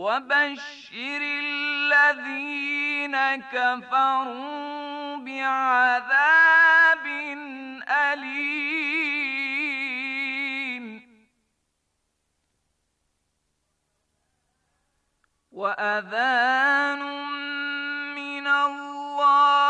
وبشر الذين كفروا بعذاب أليم وأذان من الله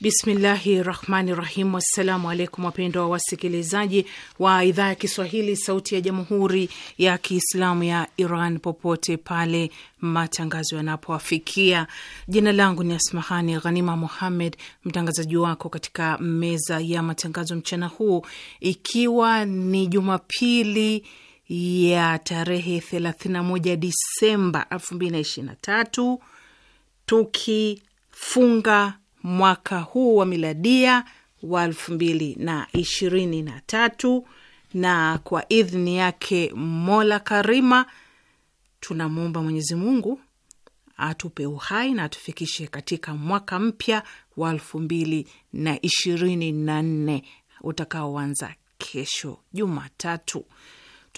Bismillahi rahmani rahim. Wassalamu alaikum wapendwa wasikilizaji wa idhaa ya Kiswahili sauti ya jamhuri ya Kiislamu ya Iran popote pale matangazo yanapoafikia Jina langu ni Asmahani Ghanima Muhammed, mtangazaji wako katika meza ya matangazo mchana huu, ikiwa ni Jumapili ya tarehe 31 Disemba 2023 tukifunga mwaka huu wa miladia wa elfu mbili na ishirini na tatu, na kwa idhini yake Mola Karima tunamwomba Mwenyezi Mungu atupe uhai na atufikishe katika mwaka mpya wa elfu mbili na ishirini na nne utakaoanza kesho Jumatatu.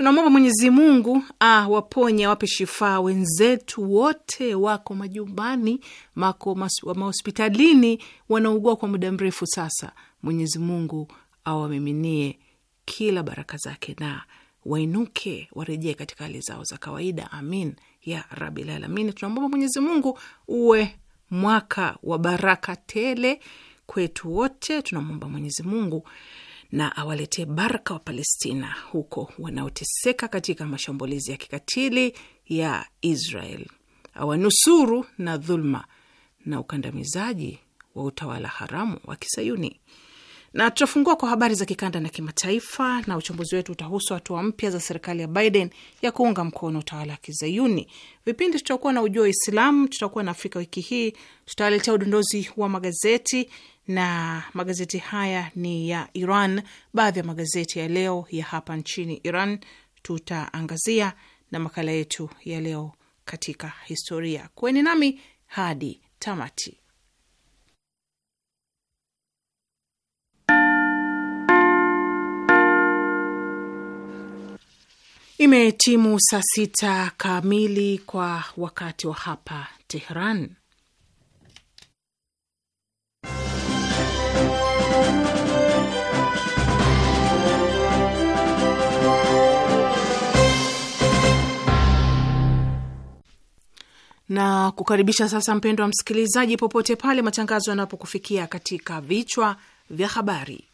Tunamwomba Mwenyezi Mungu awaponye, ah, awape shifaa wenzetu wote wako majumbani, mako mahospitalini, wanaugua kwa muda mrefu sasa. Mwenyezi Mungu awamiminie kila baraka zake na wainuke warejee katika hali zao za kawaida. Amin ya rabil alamin. Tunamwomba Mwenyezi Mungu uwe mwaka wa baraka tele kwetu wote. Tunamwomba Mwenyezi Mungu na awaletee baraka wa Palestina huko wanaoteseka katika mashambulizi ya kikatili ya Israel, awanusuru na dhulma na ukandamizaji wa utawala haramu wa Kisayuni. Na tutafungua kwa habari za kikanda na kimataifa, na uchambuzi wetu utahusu hatua mpya za serikali ya Biden ya kuunga mkono utawala wa Kizayuni. Vipindi tutakuwa na ujua wa tutakuwa na Afrika wiki hii, tutawaletea udondozi wa magazeti na magazeti haya ni ya Iran. Baadhi ya magazeti ya leo ya hapa nchini Iran tutaangazia na makala yetu ya leo katika historia. kweni nami hadi tamati. Imetimu saa sita kamili kwa wakati wa hapa Tehran. na kukaribisha sasa, mpendo wa msikilizaji, popote pale matangazo yanapokufikia, katika vichwa vya habari.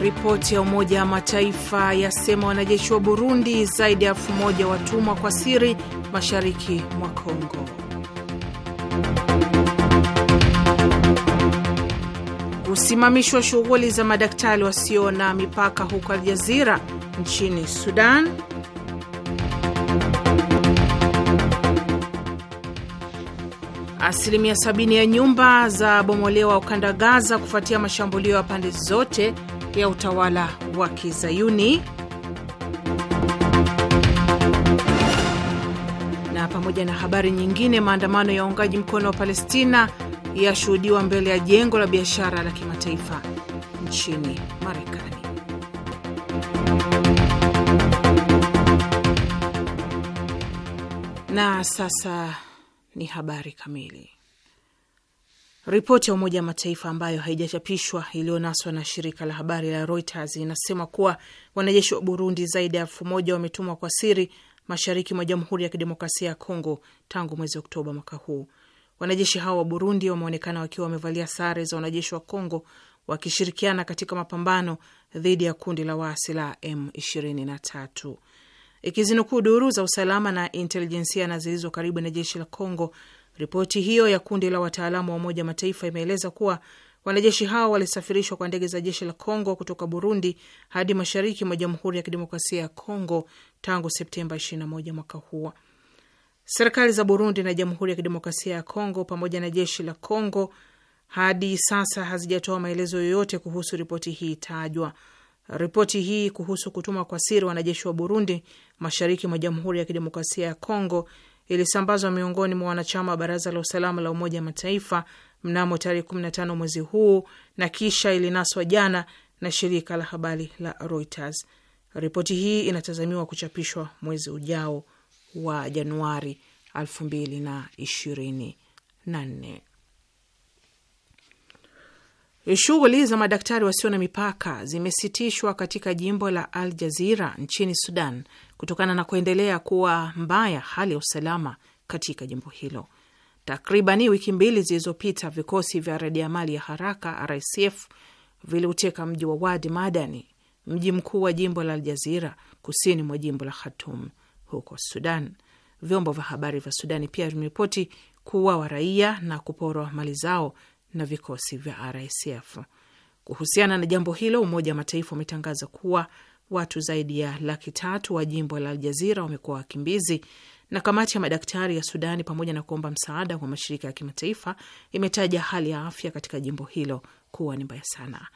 Ripoti ya Umoja wa Mataifa yasema wanajeshi wa Burundi zaidi ya elfu moja watumwa kwa siri mashariki mwa Kongo. Kusimamishwa shughuli za madaktari wasio na mipaka huko Aljazira nchini Sudan. Asilimia sabini ya nyumba za bomolewa ukanda Gaza kufuatia mashambulio ya pande zote ya utawala wa Kizayuni. Na pamoja na habari nyingine, maandamano ya uungaji mkono wa Palestina yashuhudiwa mbele ya jengo la biashara la kimataifa nchini Marekani. Na sasa ni habari kamili. Ripoti ya Umoja wa Mataifa ambayo haijachapishwa iliyonaswa na shirika la habari la Reuters inasema kuwa wanajeshi wa Burundi zaidi ya elfu moja wametumwa kwa siri mashariki mwa Jamhuri ya Kidemokrasia ya Kongo tangu mwezi Oktoba mwaka huu. Wanajeshi hao wa Burundi wameonekana wakiwa wamevalia sare za wanajeshi wa Kongo wakishirikiana katika mapambano dhidi ya kundi la waasi la M23 ikizinukuu duru za usalama na intelijensia na zilizo karibu na jeshi la Kongo. Ripoti hiyo ya kundi la wataalamu wa Umoja Mataifa imeeleza kuwa wanajeshi hao walisafirishwa kwa ndege za jeshi la Kongo kutoka Burundi hadi mashariki mwa Jamhuri ya Kidemokrasia ya Kongo tangu Septemba 21 mwaka huo. Serikali za Burundi na Jamhuri ya Kidemokrasia ya Kongo pamoja na jeshi la Kongo hadi sasa hazijatoa maelezo yoyote kuhusu ripoti hii tajwa. Ripoti hii kuhusu kutumwa kwa siri wanajeshi wa Burundi mashariki mwa Jamhuri ya Kidemokrasia ya Kongo ilisambazwa miongoni mwa wanachama wa Baraza la Usalama la Umoja wa Mataifa mnamo tarehe 15 mwezi huu na kisha ilinaswa jana na shirika la habari la Reuters. Ripoti hii inatazamiwa kuchapishwa mwezi ujao wa Januari 2024. Shughuli za madaktari wasio na mipaka zimesitishwa katika jimbo la Al Jazira nchini Sudan kutokana na kuendelea kuwa mbaya hali ya usalama katika jimbo hilo. Takribani wiki mbili zilizopita, vikosi vya mali ya haraka RSF viliuteka mji wa Wadi Madani, mji mkuu wa jimbo la Aljazira kusini mwa jimbo la Khartoum huko Sudan. Vyombo vya habari vya Sudani pia vimeripoti kuuawa raia na kuporwa mali zao na vikosi vya RSF. Kuhusiana na jambo hilo, Umoja wa Mataifa umetangaza kuwa watu zaidi ya laki tatu wa jimbo la Aljazira wamekuwa wakimbizi, na kamati ya madaktari ya Sudani, pamoja na kuomba msaada kwa mashirika ya kimataifa, imetaja hali ya afya katika jimbo hilo kuwa ni mbaya sana.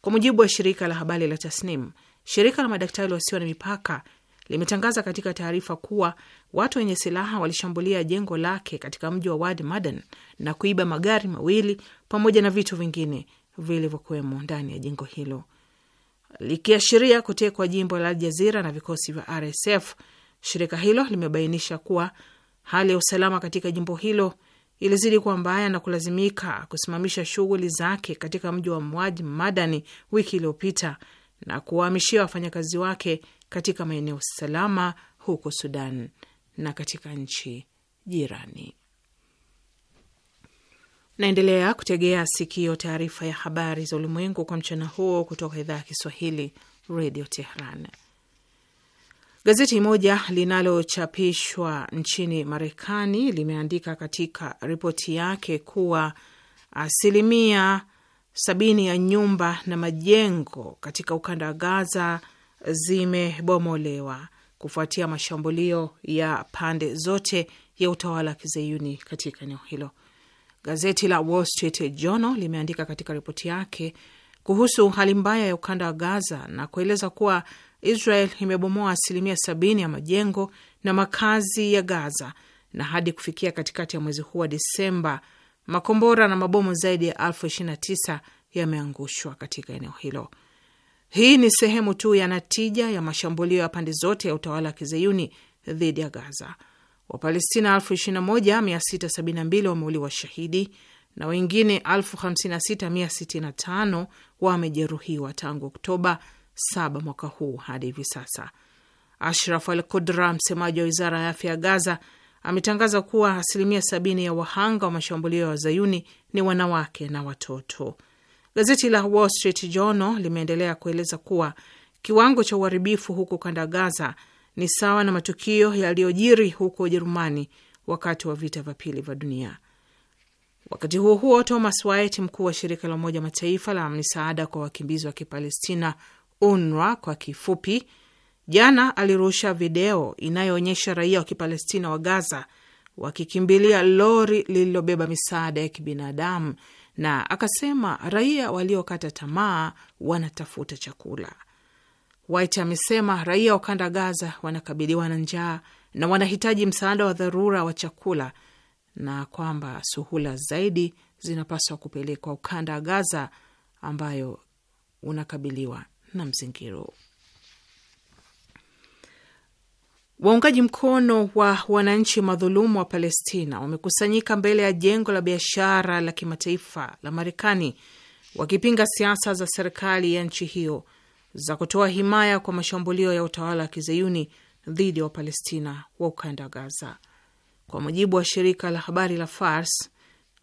Kwa mujibu wa shirika la habari la Tasnim, shirika la madaktari wasio na mipaka limetangaza katika taarifa kuwa watu wenye silaha walishambulia jengo lake katika mji wa Wad Madan na kuiba magari mawili pamoja na vitu vingine vilivyokuwemo ndani ya jengo hilo, likiashiria kutekwa jimbo la Aljazira na vikosi vya RSF. Shirika hilo limebainisha kuwa hali ya usalama katika jimbo hilo ilizidi kuwa mbaya na kulazimika kusimamisha shughuli zake katika mji wa Wad Madani wiki iliyopita na kuwahamishia wafanyakazi wake katika maeneo salama huko Sudan na katika nchi jirani. Naendelea kutegea sikio taarifa ya habari za ulimwengu kwa mchana huo kutoka idhaa ya Kiswahili Radio Tehran. Gazeti moja linalochapishwa nchini Marekani limeandika katika ripoti yake kuwa asilimia sabini ya nyumba na majengo katika ukanda wa Gaza zimebomolewa kufuatia mashambulio ya pande zote ya utawala wa kizayuni katika eneo hilo. Gazeti la Wall Street Journal limeandika katika ripoti yake kuhusu hali mbaya ya ukanda wa Gaza na kueleza kuwa Israel imebomoa asilimia sabini ya majengo na makazi ya Gaza na hadi kufikia katikati ya mwezi huu wa Disemba makombora na mabomu zaidi ya elfu ishirini tisa yameangushwa katika eneo hilo. Hii ni sehemu tu ya natija ya mashambulio ya pande zote ya utawala wa kizayuni dhidi ya Gaza. Wapalestina 21672 wameuliwa shahidi na wengine 56665 wamejeruhiwa tangu Oktoba 7 mwaka huu hadi hivi sasa. Ashraf al Kudra, msemaji wa wizara ya afya ya Gaza, ametangaza kuwa asilimia sabini ya wahanga wa mashambulio ya wazayuni ni wanawake na watoto. Gazeti la Wall Street Journal limeendelea kueleza kuwa kiwango cha uharibifu huko kanda Gaza ni sawa na matukio yaliyojiri huko Ujerumani wakati wa vita vya pili vya dunia. Wakati huo huo, Thomas wit mkuu wa shirika la Umoja Mataifa la msaada kwa wakimbizi wa Kipalestina, UNRWA kwa kifupi, Jana alirusha video inayoonyesha raia wa Kipalestina wa Gaza wakikimbilia lori lililobeba misaada ya kibinadamu na akasema raia waliokata tamaa wanatafuta chakula. White amesema raia wa kanda Gaza wanakabiliwa na njaa na wanahitaji msaada wa dharura wa chakula na kwamba suhula zaidi zinapaswa kupelekwa ukanda wa Gaza ambayo unakabiliwa na mzingiro. Waungaji mkono wa wananchi madhulumu wa Palestina wamekusanyika mbele ya jengo la biashara la kimataifa la Marekani wakipinga siasa za serikali ya nchi hiyo za kutoa himaya kwa mashambulio ya utawala wa kizayuni dhidi ya Wapalestina wa ukanda wa Gaza. Kwa mujibu wa shirika la habari la Fars,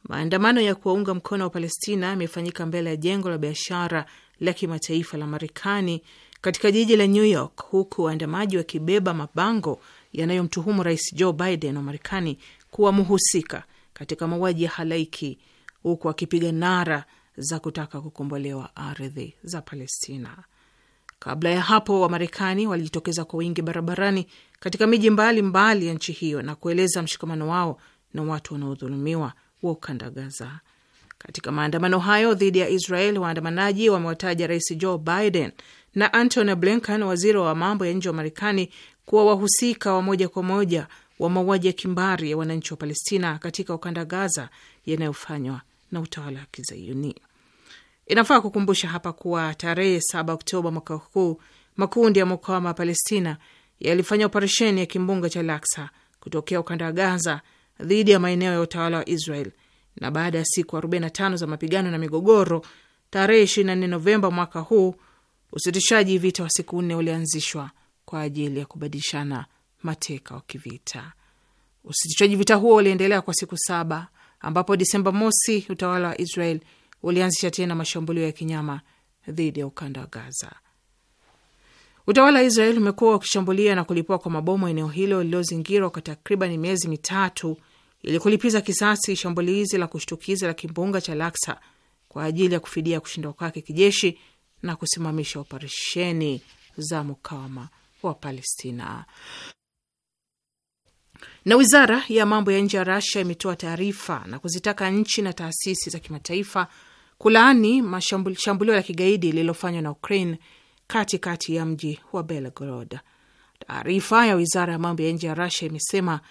maandamano ya kuwaunga mkono wa Palestina yamefanyika mbele ya jengo la biashara la kimataifa la Marekani katika jiji la New York, huku waandamaji wakibeba mabango yanayomtuhumu Rais Joe Biden wa Marekani kuwa mhusika katika mauaji ya halaiki, huku wakipiga nara za kutaka kukombolewa ardhi za Palestina. Kabla ya hapo, Wamarekani walijitokeza kwa wingi barabarani katika miji mbalimbali ya nchi hiyo na kueleza mshikamano wao na watu wanaodhulumiwa wa ukanda Gaza. Katika maandamano hayo dhidi ya Israel, waandamanaji wamewataja Rais Joe Biden na Antony Blinken, waziri wa mambo ya nje wa Marekani, kuwa wahusika wa moja kwa moja wa mauaji ya kimbari ya wananchi wa Palestina katika ukanda Gaza yanayofanywa na utawala wa Kizayuni. Inafaa kukumbusha hapa kuwa tarehe 7 Oktoba mwaka huu makundi ya mukawama wa Palestina yalifanya operesheni ya kimbunga cha Laksa kutokea ukanda wa Gaza dhidi ya maeneo ya utawala wa Israel, na baada ya siku 45 za mapigano na migogoro, tarehe 24 Novemba mwaka huu Usitishaji vita wa siku nne ulianzishwa kwa ajili ya kubadilishana mateka wa kivita. Usitishaji vita huo uliendelea kwa siku saba, ambapo Disemba mosi utawala wa Israel ulianzisha tena mashambulio ya kinyama dhidi ya ukanda wa Gaza. Utawala wa Israel umekuwa ukishambulia na kulipua kwa mabomu eneo hilo lililozingirwa kwa takriban miezi mitatu ili kulipiza kisasi shambulizi la kushtukiza la kimbunga cha Laksa kwa ajili ya kufidia kushindwa kwake kijeshi na kusimamisha operesheni za mukawama wa Palestina. Na wizara ya mambo ya nje ya rasia imetoa taarifa na kuzitaka nchi na taasisi za kimataifa kulaani shambulio la kigaidi lililofanywa na Ukraine katikati kati ya mji wa Belgorod. Taarifa ya wizara ya mambo ya nje ya rasia imesema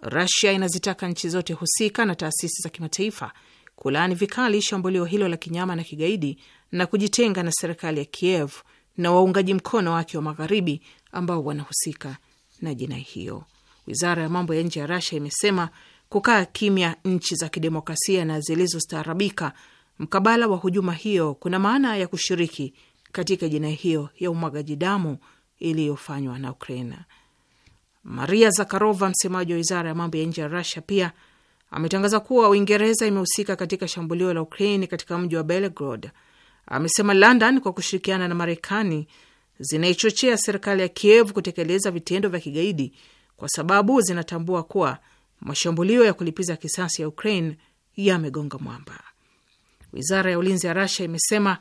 rasia inazitaka nchi zote husika na taasisi za kimataifa kulaani vikali shambulio hilo la kinyama na kigaidi na kujitenga na serikali ya Kiev na waungaji mkono wake wa magharibi ambao wanahusika na jinai hiyo. Wizara ya mambo ya nje ya rasia imesema kukaa kimya nchi za kidemokrasia na zilizostaarabika mkabala wa hujuma hiyo kuna maana ya kushiriki katika jinai hiyo ya umwagaji damu iliyofanywa na Ukraina. Maria Zakharova, msemaji wa wizara ya mambo ya nje ya Rasia, pia ametangaza kuwa Uingereza imehusika katika shambulio la Ukraini katika mji wa Belgrod amesema London kwa kushirikiana na Marekani zinaichochea serikali ya Kiev kutekeleza vitendo vya kigaidi kwa sababu zinatambua kuwa mashambulio ya kulipiza kisasi ya Ukraine yamegonga mwamba. Wizara ya ulinzi ya rasia imesema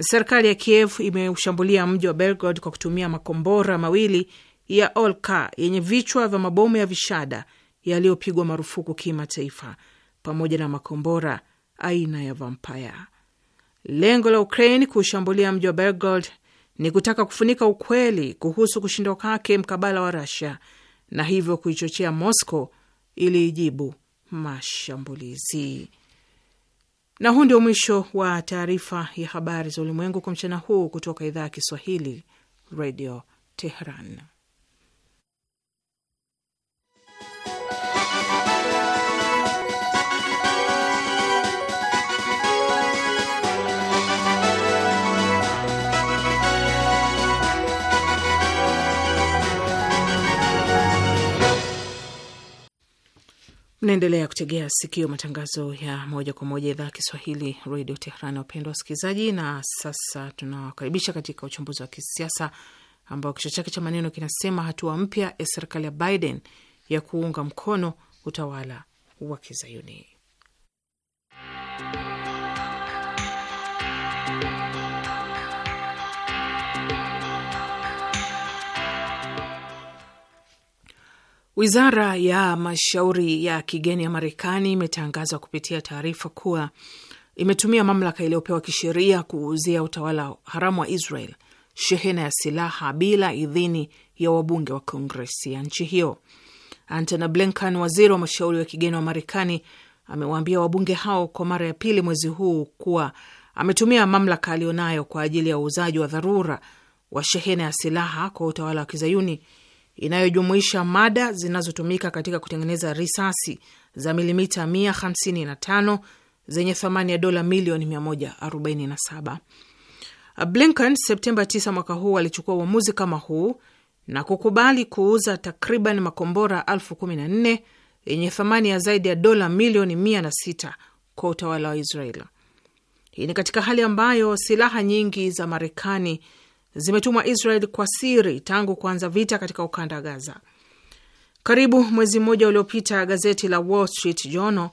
serikali ya Kiev imeushambulia mji wa Belgorod kwa kutumia makombora mawili ya Olka yenye vichwa vya mabomu ya vishada yaliyopigwa marufuku kimataifa pamoja na makombora aina ya Vampire. Lengo la Ukraine kuushambulia mji wa Belgorod ni kutaka kufunika ukweli kuhusu kushindwa kwake mkabala wa Russia na hivyo kuichochea Moscow ili ijibu mashambulizi. Na huu ndio mwisho wa taarifa ya habari za ulimwengu kwa mchana huu kutoka idhaa ya Kiswahili, Radio Tehran. Mnaendelea kutegea sikio matangazo ya moja kwa moja idhaa ya Kiswahili redio tehran wapendwa wasikilizaji. Na sasa tunawakaribisha katika uchambuzi wa kisiasa ambao kichwa chake cha maneno kinasema hatua mpya ya serikali ya Biden ya kuunga mkono utawala wa Kizayuni. Wizara ya mashauri ya kigeni ya Marekani imetangaza kupitia taarifa kuwa imetumia mamlaka iliyopewa kisheria kuuzia utawala haramu wa Israel shehena ya silaha bila idhini ya wabunge wa Kongresi ya nchi hiyo. Antony Blinken, waziri wa mashauri ya kigeni wa Marekani, amewaambia wabunge hao kwa mara ya pili mwezi huu kuwa ametumia mamlaka aliyonayo kwa ajili ya uuzaji wa dharura wa shehena ya silaha kwa utawala wa kizayuni inayojumuisha mada zinazotumika katika kutengeneza risasi za milimita 155 zenye thamani ya dola milioni 147. Blinken Septemba 9 mwaka huu alichukua uamuzi kama huu na kukubali kuuza takriban makombora 14 yenye thamani ya zaidi ya dola milioni 106 kwa utawala wa Israel. Hii ni katika hali ambayo silaha nyingi za Marekani zimetumwa Israel kwa siri tangu kuanza vita katika ukanda wa Gaza. Karibu mwezi mmoja uliopita, gazeti la Wall Street Journal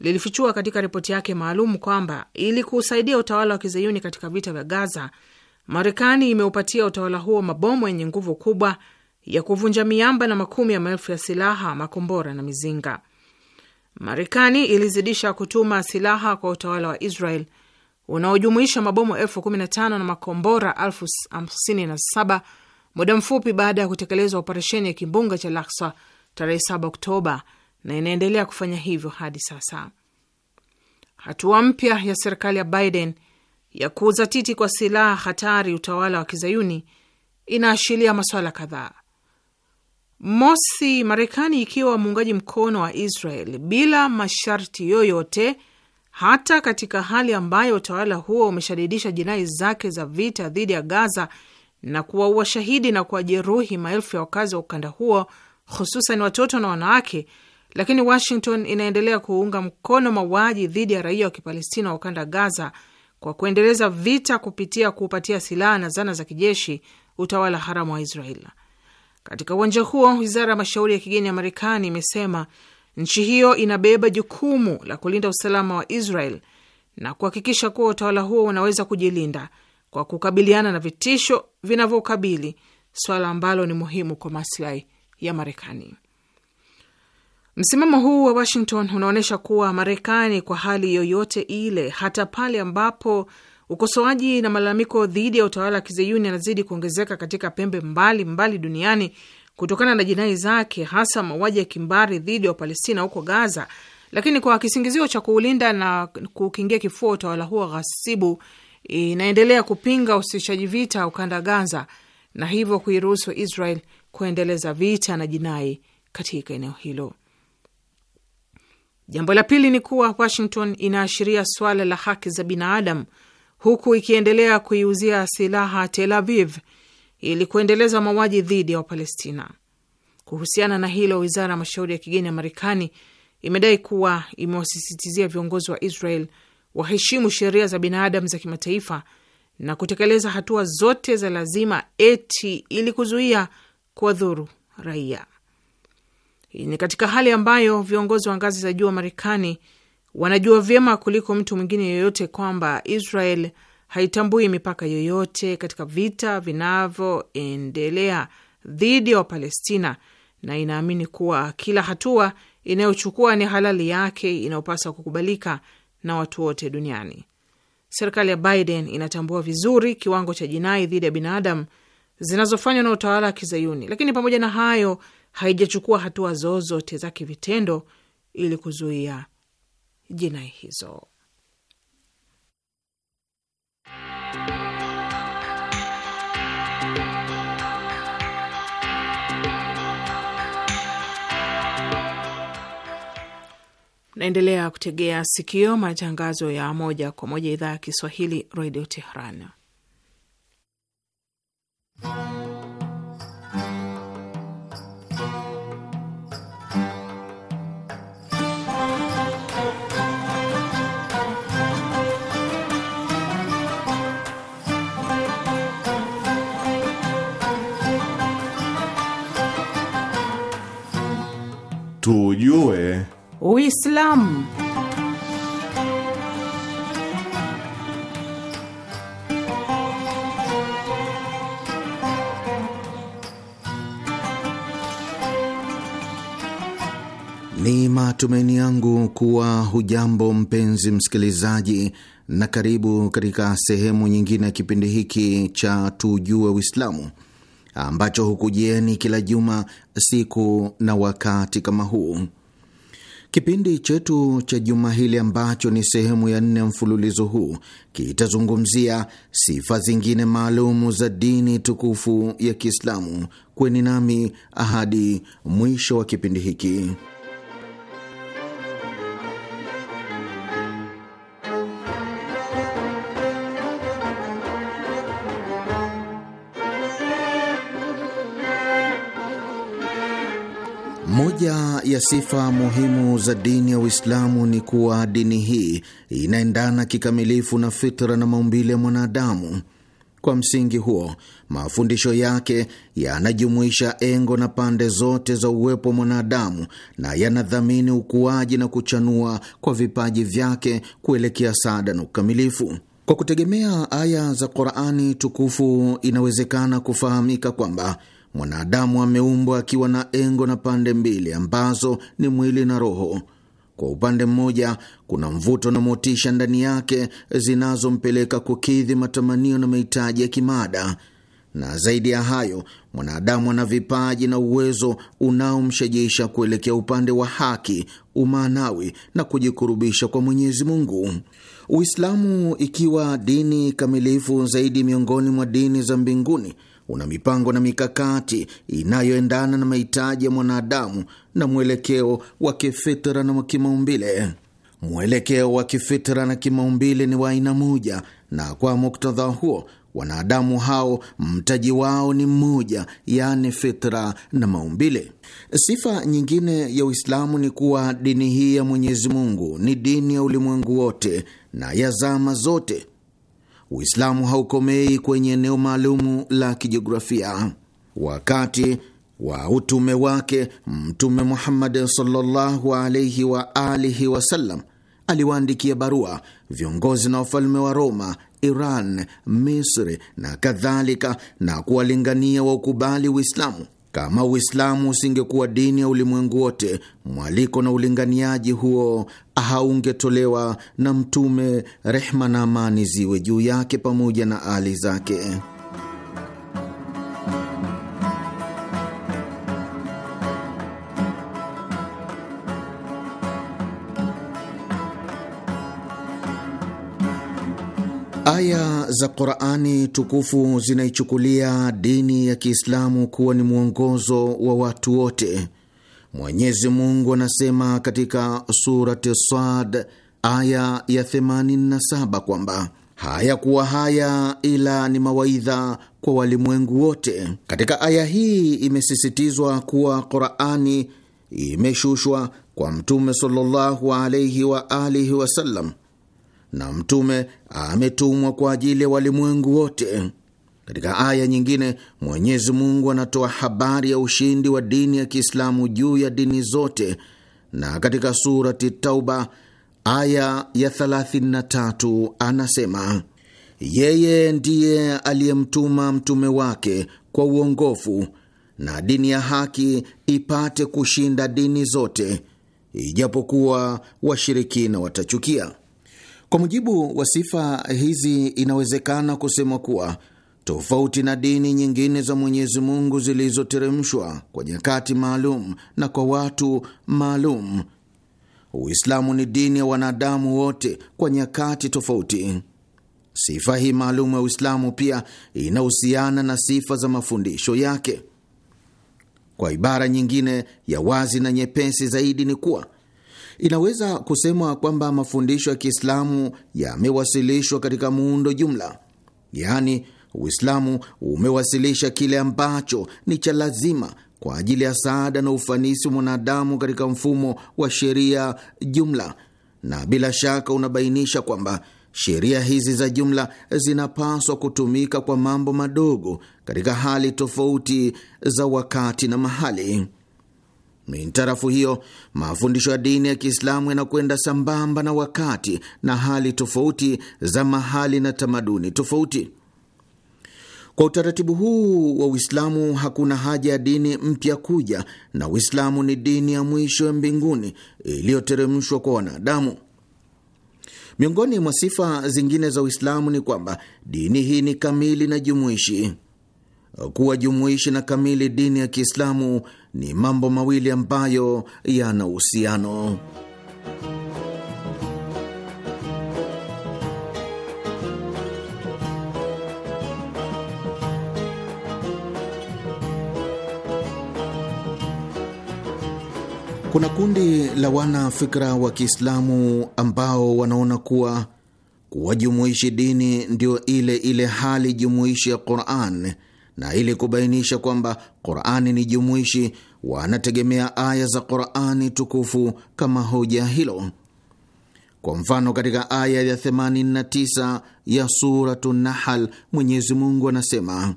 lilifichua katika ripoti yake maalum kwamba ili kuusaidia utawala wa kizayuni katika vita vya Gaza, Marekani imeupatia utawala huo mabomu yenye nguvu kubwa ya kuvunja miamba na makumi ya maelfu ya silaha, makombora na mizinga. Marekani ilizidisha kutuma silaha kwa utawala wa Israel unaojumuisha mabomu elfu kumi na tano na makombora elfu hamsini na saba muda mfupi baada ya kutekelezwa operesheni ya kimbunga cha Laksa tarehe 7 Oktoba, na inaendelea kufanya hivyo hadi sasa. Hatua mpya ya serikali ya Biden ya kuuza titi kwa silaha hatari utawala wa kizayuni inaashiria masuala kadhaa. Mosi, Marekani ikiwa muungaji mkono wa Israel bila masharti yoyote hata katika hali ambayo utawala huo umeshadidisha jinai zake za vita dhidi ya Gaza na kuwaua shahidi na kuwajeruhi maelfu ya wakazi wa ukanda huo, hususan watoto na wanawake, lakini Washington inaendelea kuunga mkono mauaji dhidi ya raia wa Kipalestina wa ukanda Gaza kwa kuendeleza vita kupitia kuupatia silaha na zana za kijeshi utawala haramu wa Israel. Katika uwanja huo, wizara ya mashauri ya kigeni ya Marekani imesema Nchi hiyo inabeba jukumu la kulinda usalama wa Israel na kuhakikisha kuwa utawala huo unaweza kujilinda kwa kukabiliana na vitisho vinavyokabili, swala ambalo ni muhimu kwa maslahi ya Marekani. Msimamo huu wa Washington unaonyesha kuwa Marekani kwa hali yoyote ile, hata pale ambapo ukosoaji na malalamiko dhidi ya utawala wa kizeyuni yanazidi kuongezeka katika pembe mbali mbali duniani kutokana na jinai zake, hasa mauaji ya kimbari dhidi ya Wapalestina huko Gaza, lakini kwa kisingizio cha kuulinda na kukingia kifua utawala huo ghasibu, inaendelea kupinga usitishaji vita ukanda Gaza na hivyo kuiruhusu Israel kuendeleza vita na jinai katika eneo hilo. Jambo la pili ni kuwa Washington inaashiria suala la haki za binadamu huku ikiendelea kuiuzia silaha Tel Aviv ili kuendeleza mauaji dhidi ya Wapalestina. Kuhusiana na hilo, wizara ya mashauri ya kigeni ya Marekani imedai kuwa imewasisitizia viongozi wa Israel waheshimu sheria za binadamu za kimataifa na kutekeleza hatua zote za lazima eti ili kuzuia kuwadhuru raia. Ni katika hali ambayo viongozi wa ngazi za juu wa Marekani wanajua vyema kuliko mtu mwingine yoyote kwamba Israel haitambui mipaka yoyote katika vita vinavyoendelea dhidi ya Wapalestina na inaamini kuwa kila hatua inayochukua ni halali yake inayopaswa kukubalika na watu wote duniani. Serikali ya Biden inatambua vizuri kiwango cha jinai dhidi ya binadamu zinazofanywa na utawala wa Kizayuni, lakini pamoja na hayo haijachukua hatua zozote za kivitendo ili kuzuia jinai hizo. Naendelea kutegea sikio matangazo ya moja kwa moja idhaa ya Kiswahili redio Tehran. Uislamu. Ni matumaini yangu kuwa hujambo mpenzi msikilizaji, na karibu katika sehemu nyingine ya kipindi hiki cha Tujue Uislamu ambacho hukujieni kila juma siku na wakati kama huu. Kipindi chetu cha juma hili ambacho ni sehemu ya nne ya mfululizo huu kitazungumzia sifa zingine maalumu za dini tukufu ya Kiislamu. Kweni nami ahadi mwisho wa kipindi hiki. Moja ya sifa muhimu za dini ya Uislamu ni kuwa dini hii inaendana kikamilifu na fitra na maumbile ya mwanadamu. Kwa msingi huo, mafundisho yake yanajumuisha engo na pande zote za uwepo wa mwanadamu na yanadhamini ukuaji na kuchanua kwa vipaji vyake kuelekea saada na ukamilifu. Kwa kutegemea aya za Qurani tukufu, inawezekana kufahamika kwamba Mwanadamu ameumbwa akiwa na engo na pande mbili ambazo ni mwili na roho. Kwa upande mmoja, kuna mvuto na motisha ndani yake zinazompeleka kukidhi matamanio na mahitaji ya kimaada, na zaidi ya hayo, mwanadamu ana vipaji na uwezo unaomshajiisha kuelekea upande wa haki, umaanawi na kujikurubisha kwa Mwenyezi Mungu. Uislamu, ikiwa dini kamilifu zaidi miongoni mwa dini za mbinguni una mipango na mikakati inayoendana na mahitaji ya mwanadamu na mwelekeo wa kifitra na kimaumbile. Mwelekeo wa kifitra na kimaumbile ni wa aina moja, na kwa muktadha huo wanadamu hao mtaji wao ni mmoja, yaani fitra na maumbile. Sifa nyingine ya Uislamu ni kuwa dini hii ya Mwenyezi Mungu ni dini ya ulimwengu wote na ya zama zote Uislamu haukomei kwenye eneo maalumu la kijiografia. Wakati wa utume wake Mtume Muhammad sallallahu alaihi wa alihi wasallam aliwaandikia barua viongozi na wafalme wa Roma, Iran, Misri na kadhalika, na kuwalingania wa ukubali Uislamu. Kama Uislamu usingekuwa dini ya ulimwengu wote, mwaliko na ulinganiaji huo haungetolewa na Mtume, rehma na amani ziwe juu yake pamoja na ali zake. Aya za Qurani tukufu zinaichukulia dini ya Kiislamu kuwa ni mwongozo wa watu wote. Mwenyezi Mungu anasema katika Surati Sad aya ya 87 kwamba hayakuwa haya ila ni mawaidha kwa walimwengu wote. Katika aya hii imesisitizwa kuwa Qurani imeshushwa kwa Mtume sallallahu alaihi wa alihi wasallam na mtume ametumwa kwa ajili ya walimwengu wote. Katika aya nyingine, Mwenyezi Mungu anatoa habari ya ushindi wa dini ya Kiislamu juu ya dini zote, na katika Surati Tauba aya ya 33 anasema yeye ndiye aliyemtuma mtume wake kwa uongofu na dini ya haki ipate kushinda dini zote, ijapokuwa washirikina watachukia. Kwa mujibu wa sifa hizi, inawezekana kusema kuwa tofauti na dini nyingine za Mwenyezi Mungu zilizoteremshwa kwa nyakati maalum na kwa watu maalum, Uislamu ni dini ya wanadamu wote kwa nyakati tofauti. Sifa hii maalum ya Uislamu pia inahusiana na sifa za mafundisho yake. Kwa ibara nyingine ya wazi na nyepesi zaidi, ni kuwa Inaweza kusemwa kwamba mafundisho ya Kiislamu yamewasilishwa katika muundo jumla, yaani Uislamu umewasilisha kile ambacho ni cha lazima kwa ajili ya saada na ufanisi wa mwanadamu katika mfumo wa sheria jumla, na bila shaka unabainisha kwamba sheria hizi za jumla zinapaswa kutumika kwa mambo madogo katika hali tofauti za wakati na mahali. Mintarafu hiyo mafundisho ya dini ya Kiislamu yanakwenda sambamba na wakati na hali tofauti za mahali na tamaduni tofauti. Kwa utaratibu huu wa Uislamu hakuna haja ya dini mpya kuja, na Uislamu ni dini ya mwisho ya mbinguni iliyoteremshwa kwa wanadamu. Miongoni mwa sifa zingine za Uislamu ni kwamba dini hii ni kamili na jumuishi. Kuwa jumuishi na kamili dini ya Kiislamu ni mambo mawili ambayo yana uhusiano. Kuna kundi la wana fikra wa Kiislamu ambao wanaona kuwa kuwajumuishi dini ndio ile ile hali jumuishi ya Quran, na ili kubainisha kwamba Qurani ni jumuishi, wanategemea aya za Qurani tukufu kama hoja hilo. Kwa mfano, katika aya ya 89 ya Suratu Nahal, Mwenyezi Mungu anasema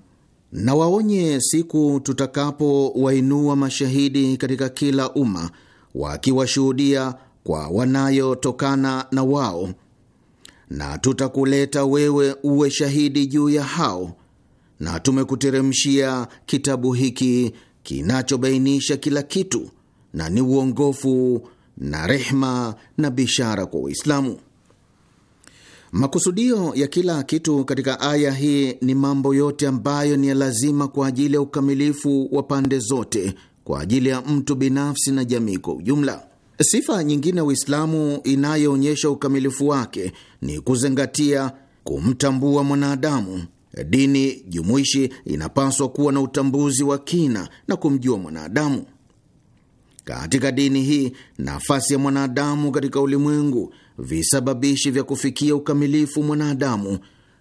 na waonye siku tutakapowainua mashahidi katika kila umma wakiwashuhudia kwa wanayotokana na wao, na tutakuleta wewe uwe shahidi juu ya hao, na tumekuteremshia kitabu hiki kinachobainisha kila kitu na ni uongofu na rehma na bishara kwa uislamu Makusudio ya kila kitu katika aya hii ni mambo yote ambayo ni ya lazima kwa ajili ya ukamilifu wa pande zote, kwa ajili ya mtu binafsi na jamii kwa ujumla. Sifa nyingine Uislamu inayoonyesha ukamilifu wake ni kuzingatia kumtambua mwanadamu. Dini jumuishi inapaswa kuwa na utambuzi wa kina na kumjua mwanadamu. Katika dini hii, nafasi ya mwanadamu katika ulimwengu, visababishi vya kufikia ukamilifu mwanadamu,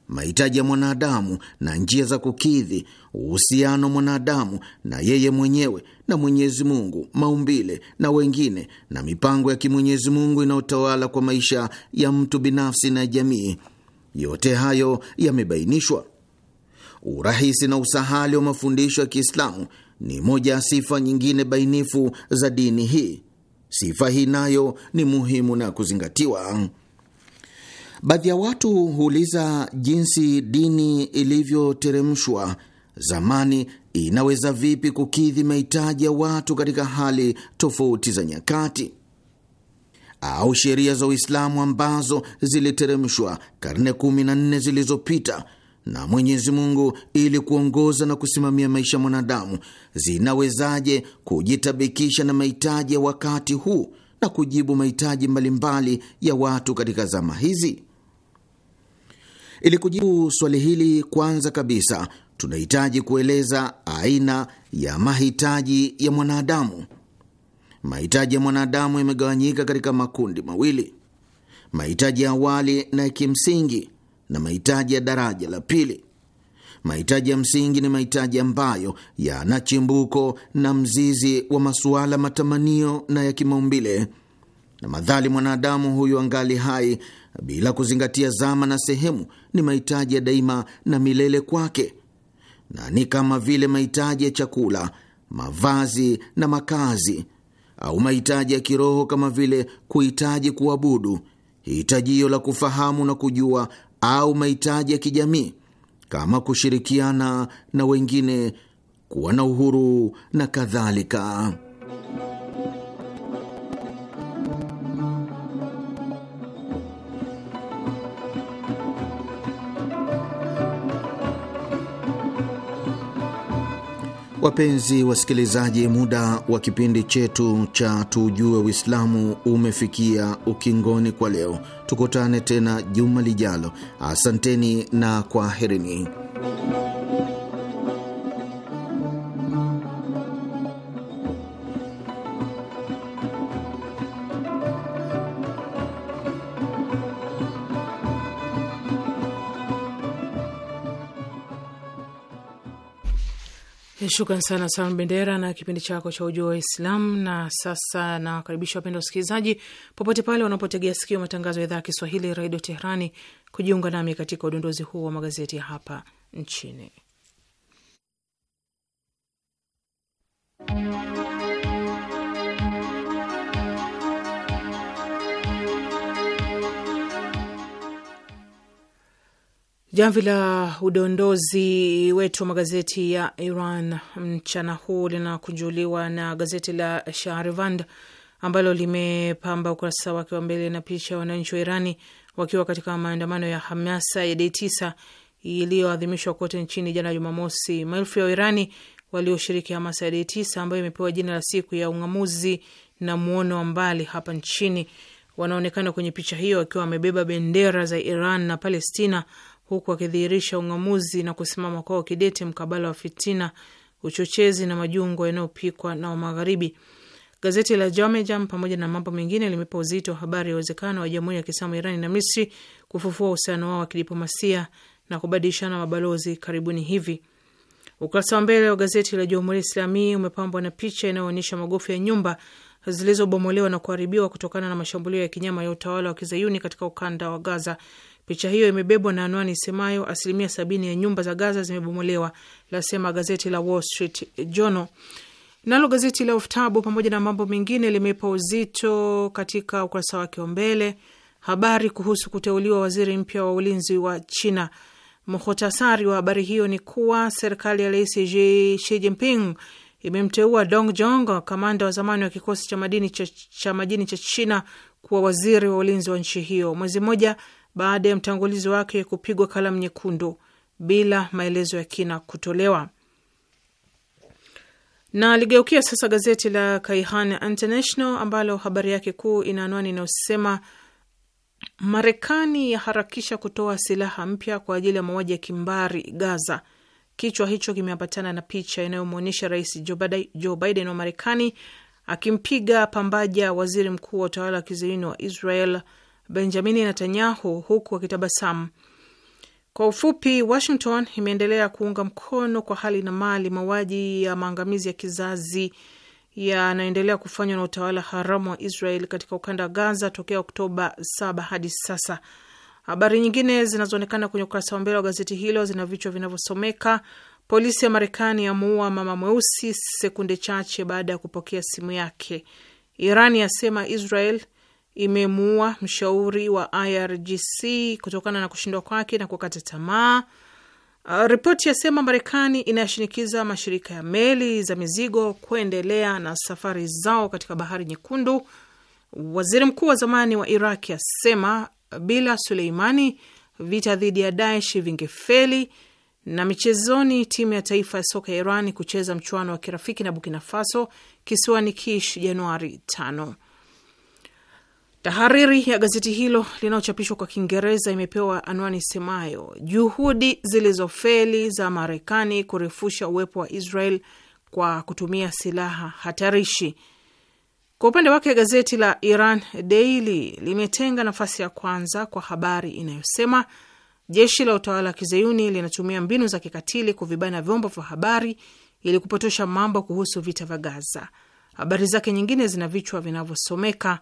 mahitaji ya mwanadamu na njia za kukidhi, uhusiano mwanadamu na yeye mwenyewe na Mwenyezi Mungu, maumbile na wengine, na mipango ya kimwenyezi Mungu inayotawala kwa maisha ya mtu binafsi na jamii, yote hayo yamebainishwa. Urahisi na usahali wa mafundisho ya Kiislamu ni moja ya sifa nyingine bainifu za dini hii. Sifa hii nayo ni muhimu na kuzingatiwa. Baadhi ya watu huuliza jinsi dini ilivyoteremshwa zamani inaweza vipi kukidhi mahitaji ya watu katika hali tofauti za nyakati, au sheria za Uislamu ambazo ziliteremshwa karne 14 zilizopita na Mwenyezi Mungu ili kuongoza na kusimamia maisha ya mwanadamu zinawezaje kujitabikisha na mahitaji ya wakati huu na kujibu mahitaji mbalimbali ya watu katika zama hizi? Ili kujibu swali hili, kwanza kabisa tunahitaji kueleza aina ya mahitaji ya mwanadamu. Mahitaji ya mwanadamu yamegawanyika katika makundi mawili: mahitaji ya awali na ya kimsingi na mahitaji ya daraja la pili. Mahitaji ya msingi ni mahitaji ambayo yana chimbuko na mzizi wa masuala matamanio na ya kimaumbile, na madhali mwanadamu huyu angali hai, bila kuzingatia zama na sehemu, ni mahitaji ya daima na milele kwake, na ni kama vile mahitaji ya chakula, mavazi na makazi, au mahitaji ya kiroho kama vile kuhitaji kuabudu, hitajio la kufahamu na kujua au mahitaji ya kijamii kama kushirikiana na wengine, kuwa na uhuru na kadhalika. Wapenzi wasikilizaji, muda wa kipindi chetu cha Tujue Uislamu umefikia ukingoni kwa leo. Tukutane tena juma lijalo. Asanteni na kwaherini. Shukran sana Salum Bendera na kipindi chako cha ujua wa Islam. Na sasa nawakaribisha wapenda wasikilizaji popote pale wanapotegea sikio matangazo ya idhaa ya Kiswahili redio Teherani kujiunga nami katika udondozi huu wa magazeti ya hapa nchini Jamvi la udondozi wetu wa magazeti ya Iran mchana huu linakunjuliwa na gazeti la Shahrivand ambalo limepamba ukurasa wake wa mbele na picha ya wananchi wa Irani wakiwa katika maandamano ya hamasa ya Dei tisa iliyoadhimishwa kote nchini jana Jumamosi. Maelfu ya Wairani walioshiriki hamasa ya Dei tisa ambayo imepewa jina la siku ya ung'amuzi na muono wa mbali hapa nchini wanaonekana kwenye picha hiyo wakiwa wamebeba bendera za Iran na Palestina huku akidhihirisha ung'amuzi na kusimama kwao kidete mkabala wa fitina, uchochezi na majungo yanayopikwa na Wamagharibi. Gazeti la Jamejam pamoja na mambo mengine limepa uzito wa habari ya uwezekano wa Jamhuri ya Kiislamu Irani na Misri kufufua uhusiano wao wa kidiplomasia na kubadilishana mabalozi karibuni hivi. Ukurasa wa mbele wa gazeti la Jamhuri Islami umepambwa na picha inayoonyesha magofu ya nyumba zilizobomolewa na kuharibiwa kutokana na mashambulio ya kinyama ya utawala wa kizayuni katika ukanda wa Gaza Picha hiyo imebebwa na anwani isemayo asilimia sabini ya nyumba za Gaza zimebomolewa, lasema gazeti la Wall Street Journal. Nalo gazeti la Uftabu pamoja na mambo mengine limepa uzito katika ukurasa wake wa mbele habari kuhusu kuteuliwa waziri mpya wa ulinzi wa China. Muhtasari wa habari hiyo ni kuwa serikali ya Rais Xi Jinping imemteua Dong Jong, kamanda wa zamani wa kikosi cha madini cha, cha majini cha China kuwa waziri wa ulinzi wa nchi hiyo. Mwezi mmoja baada ya mtangulizi wake kupigwa kalamu nyekundu bila maelezo ya kina kutolewa. Na ligeukia sasa gazeti la Kaihan International ambalo habari yake kuu ina anwani inayosema Marekani yaharakisha kutoa silaha mpya kwa ajili ya mauaji ya kimbari Gaza. Kichwa hicho kimeambatana na picha inayomwonyesha Rais Joe Biden wa Marekani akimpiga pambaja waziri mkuu wa utawala wa kizayuni wa Israel Benjamini Netanyahu huku akitabasamu. Kwa ufupi, Washington imeendelea kuunga mkono kwa hali na mali mauaji ya maangamizi ya kizazi yanaendelea kufanywa na utawala haramu wa Israel katika ukanda wa Gaza tokea Oktoba 7 hadi sasa. Habari nyingine zinazoonekana kwenye ukurasa wa mbele wa gazeti hilo zina vichwa vinavyosomeka: polisi ya Marekani yamuua mama mweusi sekunde chache baada ya kupokea simu yake; iran yasema Israel imemuua mshauri wa IRGC kutokana na kushindwa kwake na kukata tamaa. Uh, ripoti yasema Marekani inayashinikiza mashirika ya meli za mizigo kuendelea na safari zao katika bahari nyekundu. Waziri mkuu wa zamani wa Iraq asema bila Suleimani vita dhidi ya Daesh vingefeli. Na michezoni, timu ya taifa ya soka ya Iran kucheza mchuano wa kirafiki na Burkina Faso kisiwani Kish Januari tano. Tahariri ya gazeti hilo linalochapishwa kwa Kiingereza imepewa anwani semayo juhudi zilizofeli za Marekani kurefusha uwepo wa Israel kwa kutumia silaha hatarishi. Kwa upande wake gazeti la Iran Daily limetenga nafasi ya kwanza kwa habari inayosema jeshi la utawala wa kizayuni linatumia mbinu za kikatili kuvibana vyombo vya habari ili kupotosha mambo kuhusu vita vya Gaza. Habari zake nyingine zina vichwa vinavyosomeka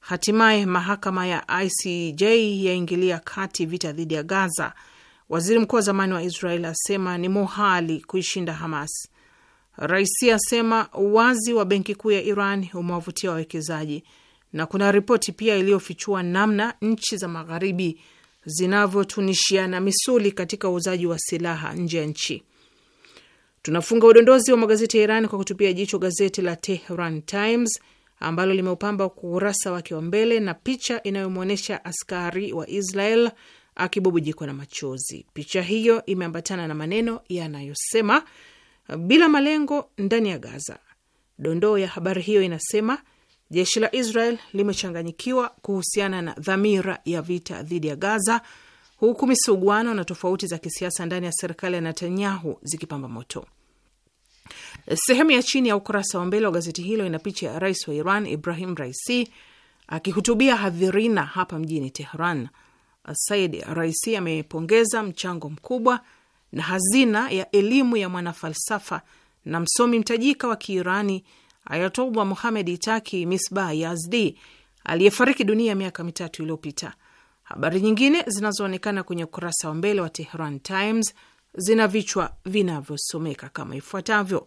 Hatimaye mahakama ya ICJ yaingilia kati vita dhidi ya Gaza. Waziri mkuu wa zamani wa Israel asema ni muhali kuishinda Hamas. Raisi asema uwazi wa benki kuu ya Iran umewavutia wawekezaji, na kuna ripoti pia iliyofichua namna nchi za magharibi zinavyotunishiana misuli katika uuzaji wa silaha nje ya nchi. Tunafunga udondozi wa magazeti ya Iran kwa kutupia jicho gazeti la Tehran Times ambalo limeupamba kurasa wake wa mbele na picha inayomwonyesha askari wa Israel akibubujikwa na machozi. Picha hiyo imeambatana na maneno yanayosema bila malengo ndani ya Gaza. Dondoo ya habari hiyo inasema jeshi la Israel limechanganyikiwa kuhusiana na dhamira ya vita dhidi ya Gaza, huku misuguano na tofauti za kisiasa ndani ya serikali ya Netanyahu zikipamba moto. Sehemu ya chini ya ukurasa wa mbele wa gazeti hilo ina picha ya rais wa Iran Ibrahim Raisi akihutubia hadhirina hapa mjini Tehran. Said Raisi amepongeza mchango mkubwa na hazina ya elimu ya mwanafalsafa na msomi mtajika wa Kiirani Ayatollah muhamed Taki Misbah Yazdi aliyefariki dunia miaka mitatu iliyopita. Habari nyingine zinazoonekana kwenye ukurasa wa mbele wa Tehran Times zina vichwa vinavyosomeka kama ifuatavyo: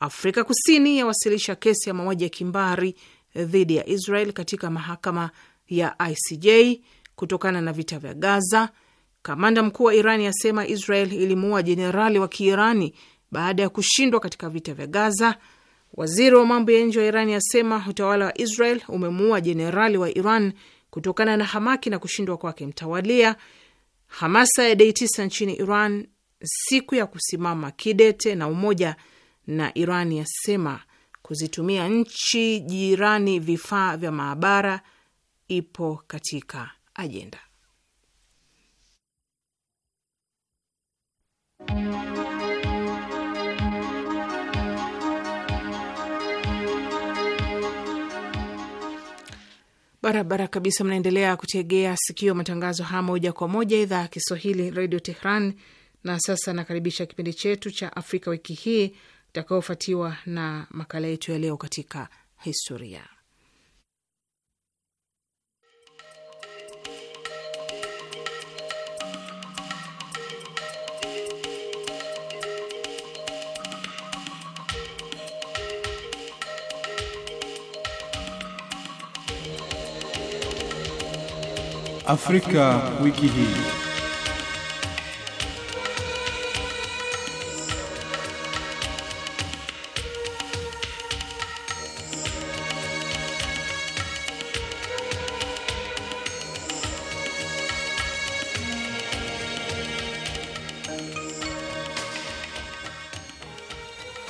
Afrika Kusini yawasilisha kesi ya mauaji ya kimbari dhidi ya Israel katika mahakama ya ICJ kutokana na vita vya Gaza. Kamanda mkuu wa Irani asema Israel ilimuua jenerali wa Kiirani baada ya kushindwa katika vita vya Gaza. Waziri wa mambo ya nje wa Irani asema utawala wa Israel umemuua jenerali wa Iran kutokana na hamaki na kushindwa kwake mtawalia. Hamasa ya 9 nchini Iran siku ya kusimama kidete na umoja, na Iran yasema kuzitumia nchi jirani vifaa vya maabara ipo katika ajenda. Barabara kabisa, mnaendelea kutegea sikio matangazo haya moja kwa moja idhaa ya Kiswahili, Redio Tehran na sasa nakaribisha kipindi chetu cha Afrika wiki hii itakayofuatiwa na makala yetu ya leo katika historia. Afrika, Afrika wiki hii.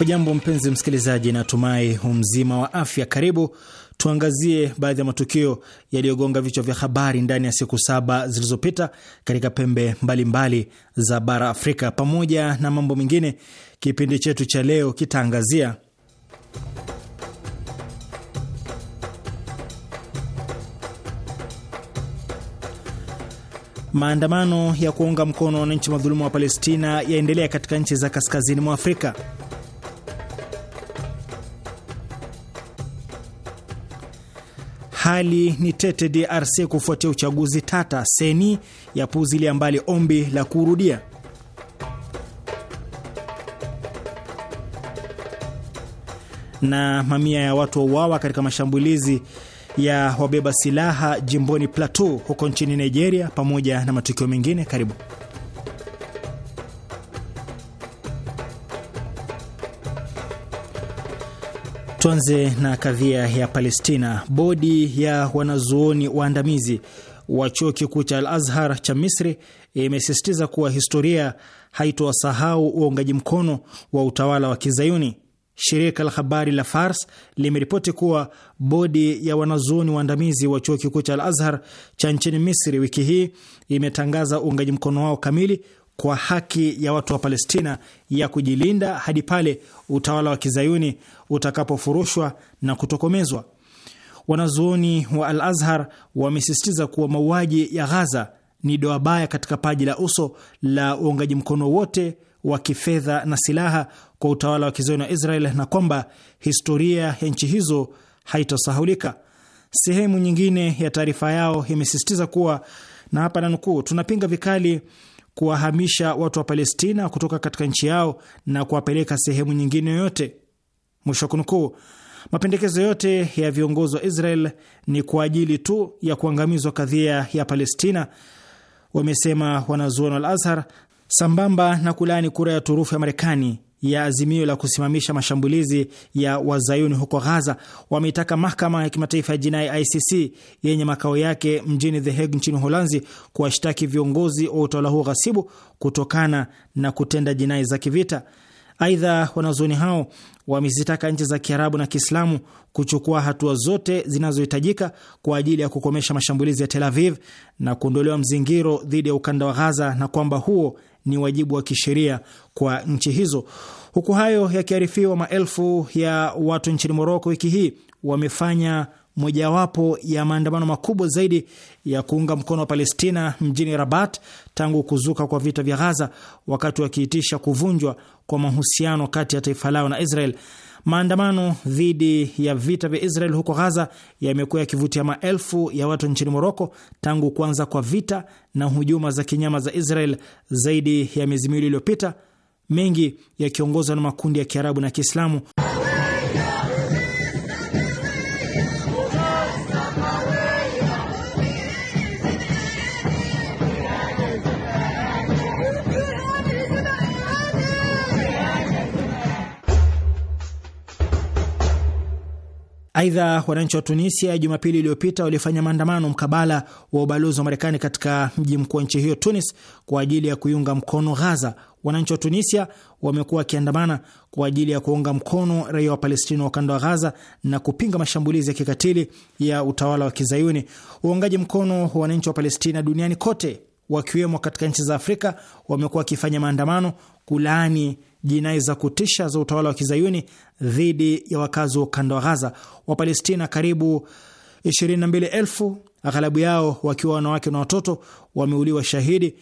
Hujambo mpenzi msikilizaji, natumai umzima wa afya. Karibu tuangazie baadhi ya matukio yaliyogonga vichwa vya habari ndani ya siku saba zilizopita katika pembe mbalimbali mbali za bara Afrika. Pamoja na mambo mengine, kipindi chetu cha leo kitaangazia maandamano ya kuunga mkono wananchi madhulumu wa Palestina yaendelea katika nchi za kaskazini mwa Afrika. Hali ni tete DRC kufuatia uchaguzi tata, seni ya puzilia mbali ombi la kurudia. Na mamia ya watu wauawa katika mashambulizi ya wabeba silaha jimboni Plateau huko nchini Nigeria, pamoja na matukio mengine. Karibu. Tuanze na kadhia ya Palestina. Bodi ya wanazuoni waandamizi wa chuo kikuu cha Al Azhar cha Misri imesisitiza kuwa historia haitowasahau uungaji mkono wa utawala wa Kizayuni. Shirika la habari la Fars limeripoti kuwa bodi ya wanazuoni waandamizi wa chuo kikuu cha Al Azhar cha nchini Misri wiki hii imetangaza uungaji mkono wao kamili kwa haki ya watu wa Palestina ya kujilinda hadi pale utawala wa kizayuni utakapofurushwa na kutokomezwa. Wanazuoni wa Al Azhar wamesisitiza kuwa mauaji ya Ghaza ni doa baya katika paji la uso la uungaji mkono wote wa kifedha na silaha kwa utawala wa kizayuni wa Israel na kwamba historia ya nchi hizo haitasahulika. Sehemu nyingine ya taarifa yao imesisitiza kuwa na hapa nanukuu, tunapinga vikali kuwahamisha watu wa Palestina kutoka katika nchi yao na kuwapeleka sehemu nyingine yoyote. Mwisho kunukuu. Mapendekezo yote ya viongozi wa Israel ni kwa ajili tu ya kuangamizwa kadhia ya Palestina, wamesema wanazuoni wa Al Azhar, sambamba na kulaani kura ya turufu ya Marekani ya azimio la kusimamisha mashambulizi ya wazayuni huko Ghaza wameitaka mahakama ya kimataifa ya jinai ICC yenye makao yake mjini The Hague nchini Uholanzi kuwashtaki viongozi wa utawala huo ghasibu kutokana na kutenda jinai za kivita. Aidha, wanazuoni hao wamezitaka nchi za Kiarabu na Kiislamu kuchukua hatua zote zinazohitajika kwa ajili ya kukomesha mashambulizi ya Tel Aviv na kuondolewa mzingiro dhidi ya ukanda wa Ghaza na kwamba huo ni wajibu wa kisheria kwa nchi hizo. Huku hayo yakiarifiwa, maelfu ya watu nchini Moroko wiki hii wamefanya mojawapo ya maandamano makubwa zaidi ya kuunga mkono wa Palestina mjini Rabat tangu kuzuka kwa vita vya Ghaza, wakati wakiitisha kuvunjwa kwa mahusiano kati ya taifa lao na Israel. Maandamano dhidi ya vita vya Israel huko Ghaza yamekuwa yakivutia maelfu ya watu nchini Moroko tangu kuanza kwa vita na hujuma za kinyama za Israel zaidi ya miezi miwili iliyopita, mengi yakiongozwa na makundi ya Kiarabu na Kiislamu. Aidha, wananchi wa Tunisia Jumapili iliyopita walifanya maandamano mkabala wa ubalozi wa Marekani katika mji mkuu wa nchi hiyo Tunis, kwa ajili ya kuiunga mkono Ghaza. Wananchi wa Tunisia wamekuwa wakiandamana kwa ajili ya kuunga mkono raia wa Palestina wa ukanda wa Ghaza na kupinga mashambulizi ya kikatili ya utawala wa Kizayuni. Uungaji mkono wa wananchi wa Palestina duniani kote, wakiwemo katika nchi za Afrika, wamekuwa wakifanya maandamano kulaani jinai za kutisha za utawala wa kizayuni dhidi ya wakazi wa ukanda wa Ghaza. Wapalestina karibu 22,000 aghalabu yao wakiwa wanawake na watoto wameuliwa shahidi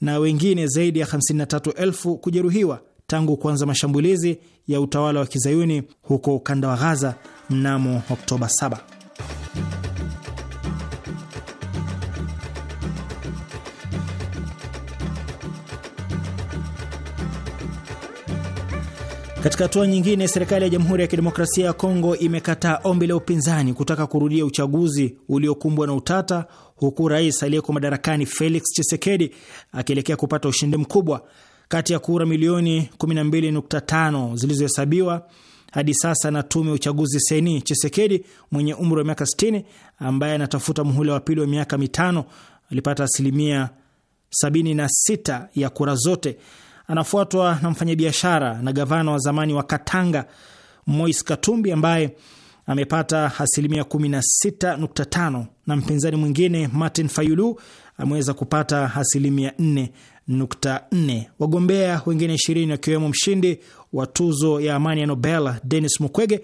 na wengine zaidi ya 53,000 kujeruhiwa tangu kuanza mashambulizi ya utawala wa kizayuni huko ukanda wa Ghaza mnamo Oktoba 7. Katika hatua nyingine, serikali ya Jamhuri ya Kidemokrasia ya Kongo imekataa ombi la upinzani kutaka kurudia uchaguzi uliokumbwa na utata, huku rais aliyeko madarakani Felix Tshisekedi akielekea kupata ushindi mkubwa. Kati ya kura milioni 12.5 zilizohesabiwa hadi sasa na tume ya uchaguzi seni, Chisekedi mwenye umri wa miaka 60 ambaye anatafuta muhula wa pili wa miaka mitano alipata asilimia 76 ya kura zote anafuatwa na mfanyabiashara na gavana wa zamani wa Katanga mois Katumbi ambaye amepata asilimia 16.5 na mpinzani mwingine Martin Fayulu ameweza kupata asilimia 4.4. Wagombea wengine 20 wakiwemo mshindi wa tuzo ya amani ya Nobel Denis Mukwege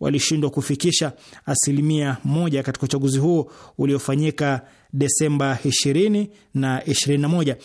walishindwa kufikisha asilimia moja katika uchaguzi huo uliofanyika Desemba 20 na 21.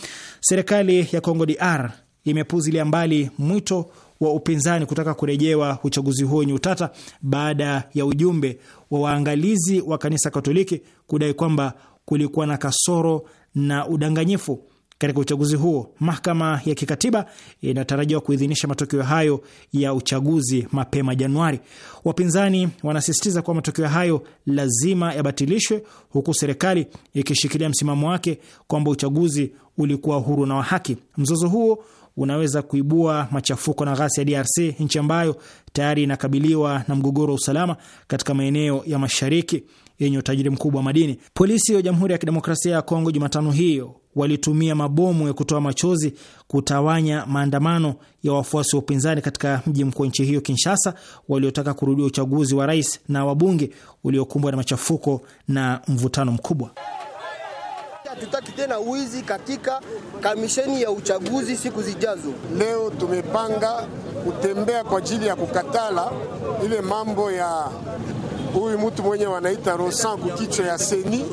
Serikali ya Congo DR imepuzilia mbali mwito wa upinzani kutaka kurejewa uchaguzi huo wenye utata baada ya ujumbe wa waangalizi wa kanisa Katoliki kudai kwamba kulikuwa na kasoro na udanganyifu katika uchaguzi huo. Mahakama ya kikatiba inatarajiwa kuidhinisha matokeo hayo ya uchaguzi mapema Januari. Wapinzani wanasisitiza kuwa matokeo hayo lazima yabatilishwe, huku serikali ikishikilia msimamo wake kwamba uchaguzi ulikuwa huru na wa haki. Mzozo huo unaweza kuibua machafuko na ghasia ya DRC, nchi ambayo tayari inakabiliwa na mgogoro wa usalama katika maeneo ya mashariki yenye utajiri mkubwa wa madini. Polisi wa Jamhuri ya Kidemokrasia ya Kongo Jumatano hiyo walitumia mabomu ya kutoa machozi kutawanya maandamano ya wafuasi wa upinzani katika mji mkuu wa nchi hiyo Kinshasa, waliotaka kurudia uchaguzi wa rais na wabunge uliokumbwa na machafuko na mvutano mkubwa hatutaki tena wizi katika kamisheni ya uchaguzi siku zijazo. Leo tumepanga kutembea kwa ajili ya kukatala ile mambo ya huyu mtu mwenye wanaita Rosan kukichwa ya seni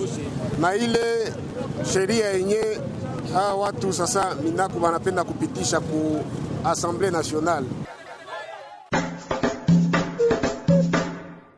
na ile sheria yenye hawa watu sasa minaku wanapenda kupitisha ku Assemblée Nationale.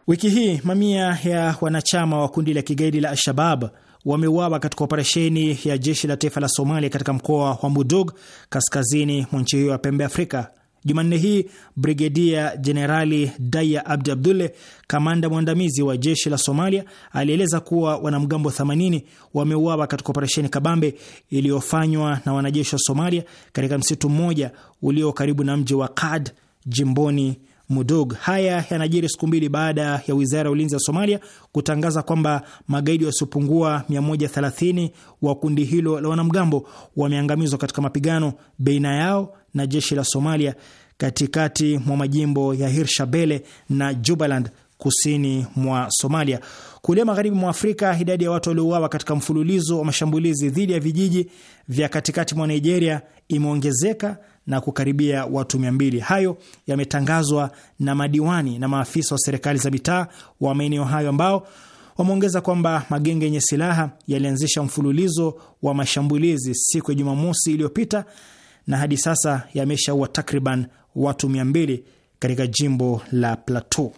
Wiki hii mamia ya wanachama wa kundi la kigaidi la Al-Shabab wameuawa katika operesheni ya jeshi la taifa la Somalia katika mkoa wa Mudug kaskazini mwa nchi hiyo ya pembe Afrika. Jumanne hii Brigedia Jenerali Daya Abdi Abdulle, kamanda mwandamizi wa jeshi la Somalia, alieleza kuwa wanamgambo 80 wameuawa katika operesheni kabambe iliyofanywa na wanajeshi wa Somalia katika msitu mmoja ulio karibu na mji wa Kad jimboni Mudug. Haya yanajiri siku mbili baada ya wizara ya ulinzi ya Somalia kutangaza kwamba magaidi wasiopungua 130 wa kundi hilo la wanamgambo wameangamizwa katika mapigano baina yao na jeshi la Somalia katikati mwa majimbo ya Hirshabele na Jubaland kusini mwa Somalia. Kulia magharibi mwa Afrika, idadi ya watu waliouawa katika mfululizo wa mashambulizi dhidi ya vijiji vya katikati mwa Nigeria imeongezeka na kukaribia watu mia mbili. Hayo yametangazwa na madiwani na maafisa wa serikali za mitaa wa maeneo hayo ambao wameongeza kwamba magenge yenye silaha yalianzisha mfululizo wa mashambulizi siku ya Jumamosi iliyopita na hadi sasa yameshaua takriban watu mia mbili katika jimbo la Plateau.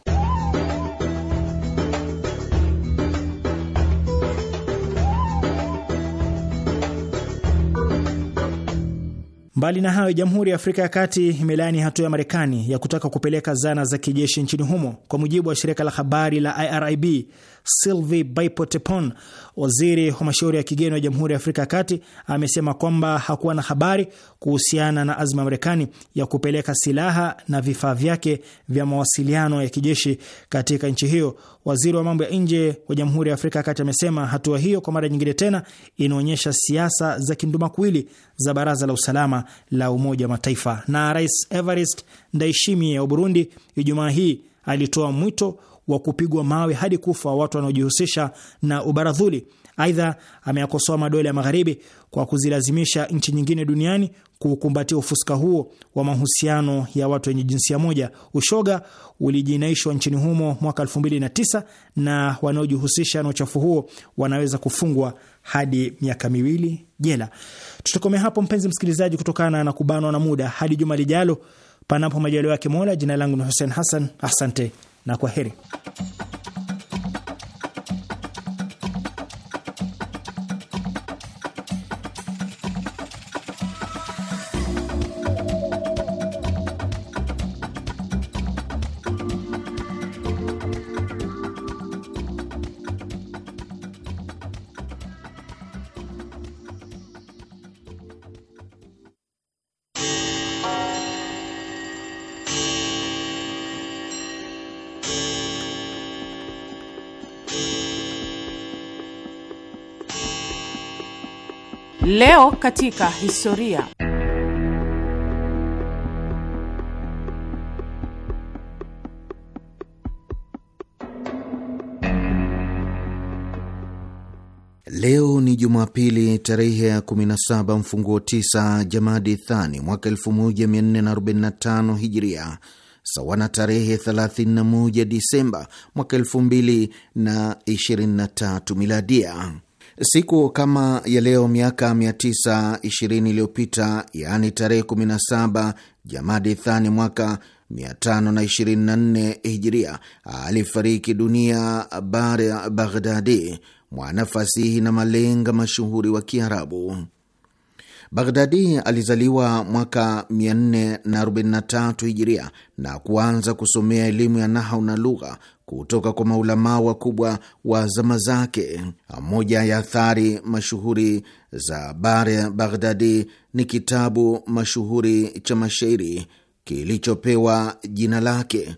Mbali na hayo, Jamhuri ya Afrika ya Kati imelaani hatua ya Marekani ya kutaka kupeleka zana za kijeshi nchini humo. Kwa mujibu wa shirika la habari la IRIB, Sylvie Baipotepon, waziri wa mashauri ya kigeni wa Jamhuri ya Afrika ya Kati, amesema kwamba hakuwa na habari kuhusiana na azma ya Marekani ya kupeleka silaha na vifaa vyake vya mawasiliano ya kijeshi katika nchi hiyo. Waziri wa mambo ya nje wa Jamhuri ya Afrika ya Kati amesema hatua hiyo kwa mara nyingine tena inaonyesha siasa za kindumakuwili za Baraza la Usalama la Umoja wa Mataifa. Na Rais Evariste Ndayishimiye wa Burundi Ijumaa hii alitoa mwito wa kupigwa mawe hadi kufa watu wanaojihusisha na ubaradhuli. Aidha, ameyakosoa madola ya magharibi kwa kuzilazimisha nchi nyingine duniani kukumbatia ufuska huo wa mahusiano ya watu wenye jinsia moja. Ushoga ulijinaishwa nchini humo mwaka 2009 na na wanaojihusisha na uchafu huo wanaweza kufungwa hadi miaka miwili jela. Tutakomea hapo mpenzi msikilizaji, kutokana na kubanwa na muda. Hadi juma lijalo, panapo majaliwa yake Mola. Jina langu ni Hussein Hassan, asante na kwa heri. katika historia. Leo ni Jumapili tarehe ya 17 mfunguo 9 Jamadi Thani mwaka 1445 Hijiria, sawa na tarehe 31 Disemba mwaka 2023 Miladia. Siku kama ya leo miaka 920 iliyopita, yaani tarehe 17 Jamadi Thani mwaka 524 Hijiria, alifariki dunia bara Baghdadi, mwanafasihi na malenga mashuhuri wa Kiarabu. Baghdadi alizaliwa mwaka 443 Hijiria na kuanza kusomea elimu ya nahau na lugha kutoka kwa maulamaa wakubwa wa zama zake. Moja ya athari mashuhuri za Bare Baghdadi ni kitabu mashuhuri cha mashairi kilichopewa jina lake.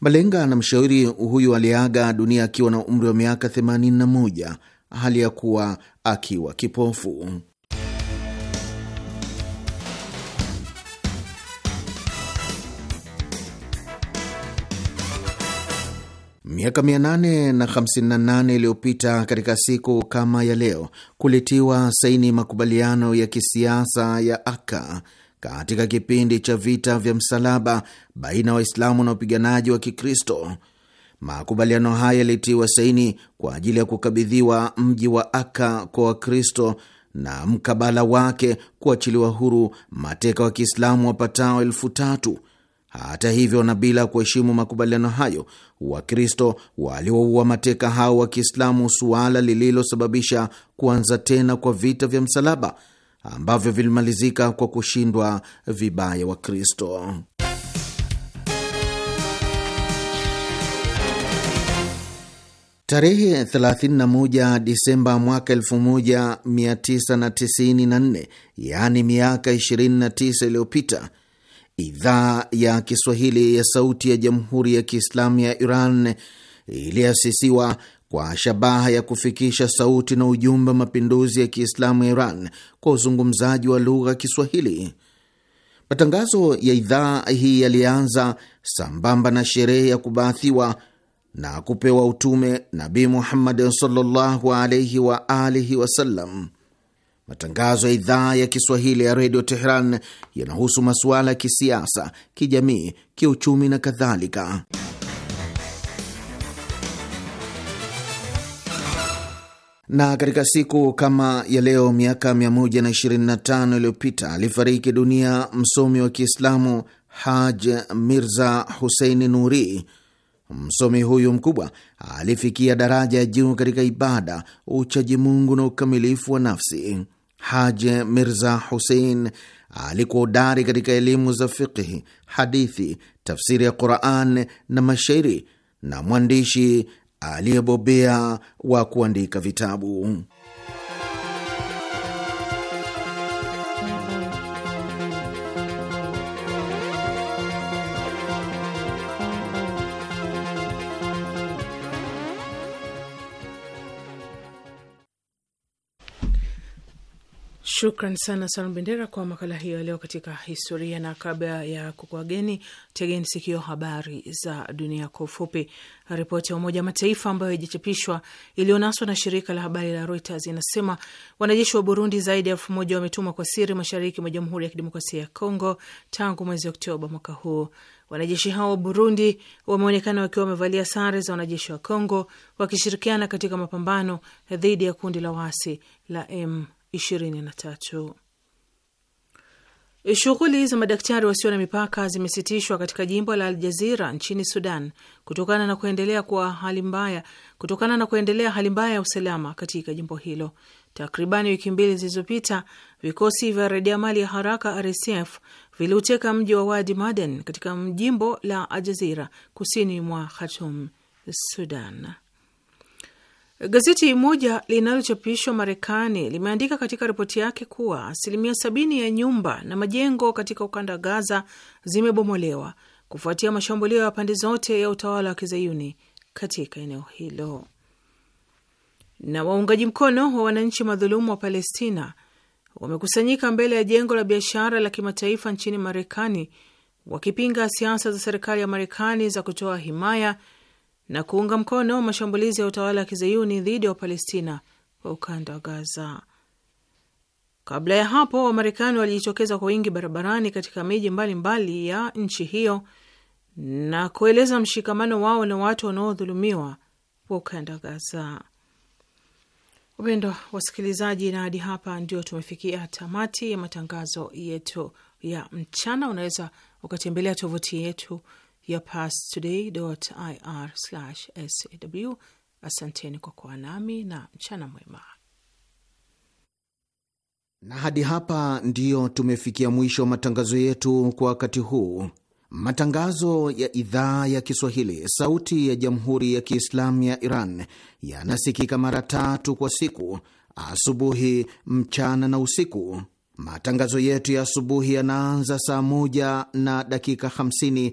Malenga na mshairi huyu aliaga dunia akiwa na umri wa miaka 81 hali ya kuwa akiwa kipofu. Miaka 858 iliyopita katika siku kama ya leo kulitiwa saini makubaliano ya kisiasa ya aka katika kipindi cha vita vya msalaba baina ya Waislamu na wapiganaji wa Kikristo. Makubaliano haya yalitiwa saini kwa ajili ya kukabidhiwa mji wa aka kwa Wakristo na mkabala wake kuachiliwa huru mateka wa Kiislamu wapatao elfu tatu. Hata hivyo, na bila kuheshimu makubaliano hayo, Wakristo walioua mateka hao wa Kiislamu, suala lililosababisha kuanza tena kwa vita vya msalaba ambavyo vilimalizika kwa kushindwa vibaya Wakristo. Tarehe 31 Disemba mwaka 1994, yaani miaka 29 iliyopita Idhaa ya Kiswahili ya Sauti ya Jamhuri ya Kiislamu ya Iran iliasisiwa kwa shabaha ya kufikisha sauti na ujumbe wa mapinduzi ya Kiislamu ya Iran kwa uzungumzaji wa lugha Kiswahili. Matangazo ya idhaa hii yalianza sambamba na sherehe ya kubaathiwa na kupewa utume nabi Muhammad sallallahu alaihi wa alihi wasallam. Matangazo ya idhaa ya Kiswahili ya redio Teheran yanahusu masuala ya kisiasa, kijamii, kiuchumi na kadhalika. Na katika siku kama ya leo miaka 125 iliyopita alifariki dunia msomi wa Kiislamu Haj Mirza Husein Nuri. Msomi huyu mkubwa alifikia daraja ya juu katika ibada, uchaji Mungu na ukamilifu wa nafsi haji Mirza Husein alikuwa udari katika elimu za fiqhi, hadithi, tafsiri ya Quran na mashairi, na mwandishi aliyebobea wa kuandika vitabu. Shukran sana Salum Bendera kwa makala hiyo leo katika historia. Na kabla ya kukuageni, tegeni sikio habari za dunia kwa ufupi. Ripoti ya Umoja wa Mataifa ambayo ijachapishwa iliyonaswa na shirika la habari la Reuters inasema wanajeshi wa Burundi zaidi ya elfu moja wametumwa kwa siri mashariki mwa Jamhuri ya Kidemokrasia ya Kongo tangu mwezi Oktoba mwaka huu. Wanajeshi hao wa Burundi wameonekana wakiwa wamevalia sare za wanajeshi wa Kongo wakishirikiana katika mapambano dhidi ya kundi la waasi la M 23. E, shughuli za madaktari wasio na mipaka zimesitishwa katika jimbo la Aljazira nchini Sudan kutokana na kuendelea kwa hali mbaya, kutokana na kuendelea hali mbaya ya usalama katika jimbo hilo. Takribani wiki mbili zilizopita, vikosi vya redia mali ya haraka RSF viliuteka mji wa Wadi Maden katika jimbo la Aljazira kusini mwa Khartoum, Sudan. Gazeti moja linalochapishwa Marekani limeandika katika ripoti yake kuwa asilimia sabini ya nyumba na majengo katika ukanda wa Gaza zimebomolewa kufuatia mashambulio ya pande zote ya utawala wa kizayuni katika eneo hilo. Na waungaji mkono wa wananchi madhulumu wa Palestina wamekusanyika mbele ya jengo la biashara la kimataifa nchini Marekani wakipinga siasa za serikali ya Marekani za kutoa himaya na kuunga mkono mashambulizi ya utawala wa kizayuni dhidi ya Wapalestina wa ukanda wa Gaza. Kabla ya hapo, Wamarekani walijitokeza kwa wingi barabarani katika miji mbalimbali ya nchi hiyo na kueleza mshikamano wao na watu wanaodhulumiwa wa ukanda wa Gaza. Upendo wasikilizaji, na hadi hapa ndio tumefikia tamati ya matangazo yetu ya mchana. Unaweza ukatembelea tovuti yetu ya pastoday.ir/sw. Asanteni kwa kuwa nami na mchana mwema. Na hadi hapa ndiyo tumefikia mwisho wa matangazo yetu kwa wakati huu. Matangazo ya idhaa ya Kiswahili sauti ya jamhuri ya Kiislamu ya Iran yanasikika mara tatu kwa siku: asubuhi, mchana na usiku. Matangazo yetu ya asubuhi yanaanza saa moja na dakika 50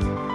you